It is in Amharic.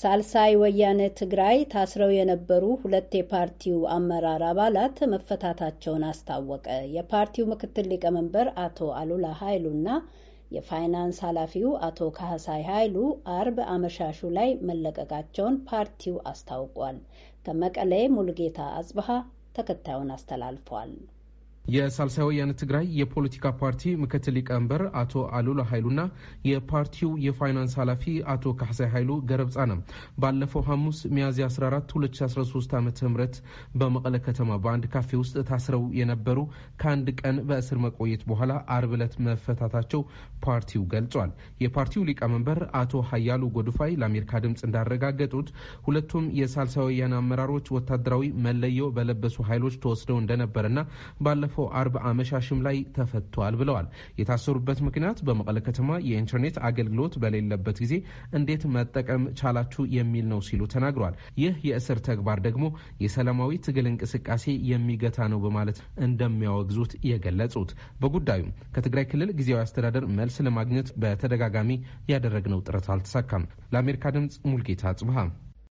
ሳልሳይ ወያነ ትግራይ ታስረው የነበሩ ሁለት የፓርቲው አመራር አባላት መፈታታቸውን አስታወቀ። የፓርቲው ምክትል ሊቀመንበር አቶ አሉላ ኃይሉና የፋይናንስ ኃላፊው አቶ ካህሳይ ኃይሉ አርብ አመሻሹ ላይ መለቀቃቸውን ፓርቲው አስታውቋል። ከመቀሌ ሙሉጌታ አጽብሃ ተከታዩን አስተላልፏል። የሳልሳይ ወያነ ትግራይ የፖለቲካ ፓርቲ ምክትል ሊቀመንበር አቶ አሉላ ኃይሉና የፓርቲው የፋይናንስ ኃላፊ አቶ ካሕሳይ ኃይሉ ገረብጻ ነው ባለፈው ሐሙስ ሚያዝያ 14 2013 ዓ ም በመቀለ ከተማ በአንድ ካፌ ውስጥ ታስረው የነበሩ ከአንድ ቀን በእስር መቆየት በኋላ አርብ ዕለት መፈታታቸው ፓርቲው ገልጿል። የፓርቲው ሊቀመንበር አቶ ሀያሉ ጎድፋይ ለአሜሪካ ድምፅ እንዳረጋገጡት ሁለቱም የሳልሳይ ወያነ አመራሮች ወታደራዊ መለየው በለበሱ ኃይሎች ተወስደው እንደነበረና ባለፈው ባለፈው አርብ አመሻሽም ላይ ተፈቷል ብለዋል። የታሰሩበት ምክንያት በመቀለ ከተማ የኢንተርኔት አገልግሎት በሌለበት ጊዜ እንዴት መጠቀም ቻላችሁ የሚል ነው ሲሉ ተናግረዋል። ይህ የእስር ተግባር ደግሞ የሰላማዊ ትግል እንቅስቃሴ የሚገታ ነው በማለት እንደሚያወግዙት የገለጹት በጉዳዩ ከትግራይ ክልል ጊዜያዊ አስተዳደር መልስ ለማግኘት በተደጋጋሚ ያደረግነው ጥረት አልተሳካም። ለአሜሪካ ድምጽ ሙልጌታ ጽብሃ